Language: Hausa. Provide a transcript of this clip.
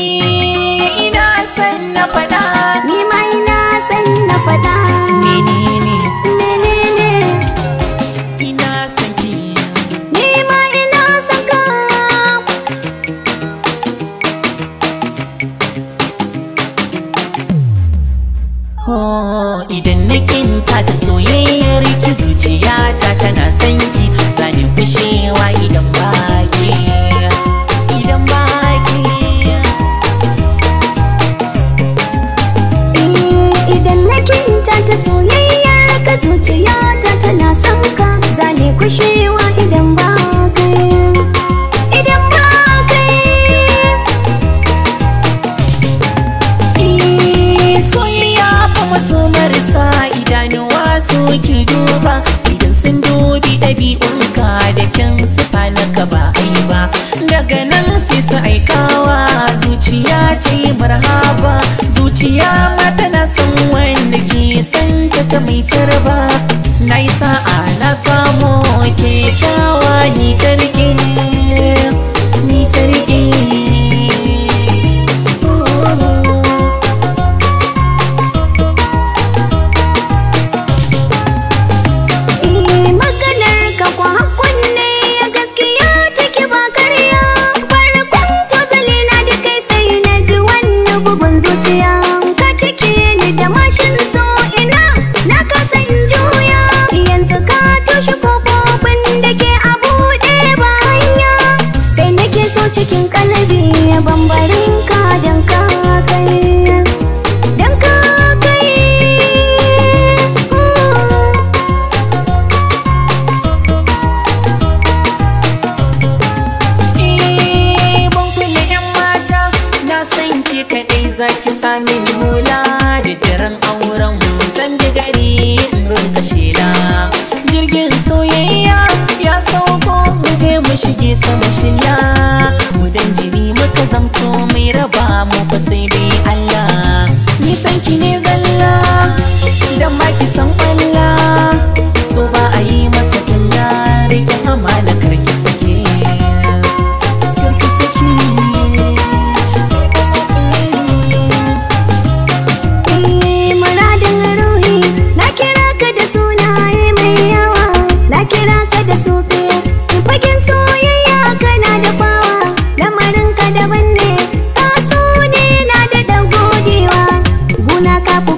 ni ina san na faɗa ni ma ina san na faɗa menene menene ina san ki ni ma ina san ka oh idan na kinta ta soyayyar ki zuciyata tana san ki zani kushewa idan ba ki wasu marasa idanuwa suke duba idan sun dubi ɗabi'unka da kyan sifa na gaba ba daga nan sai su aikawa zuciya ta yi marhaba zuciya ma tana son wanda ke san ta ta mai tarba na yi sa'a na samu kyakkyawa ne za ki sami hula da daren auren zan bi gari in rufe shela jirgin soyayya ya sauko mu je mu shige sama shilla mu dan jini muka zamto mai raba mu 那个。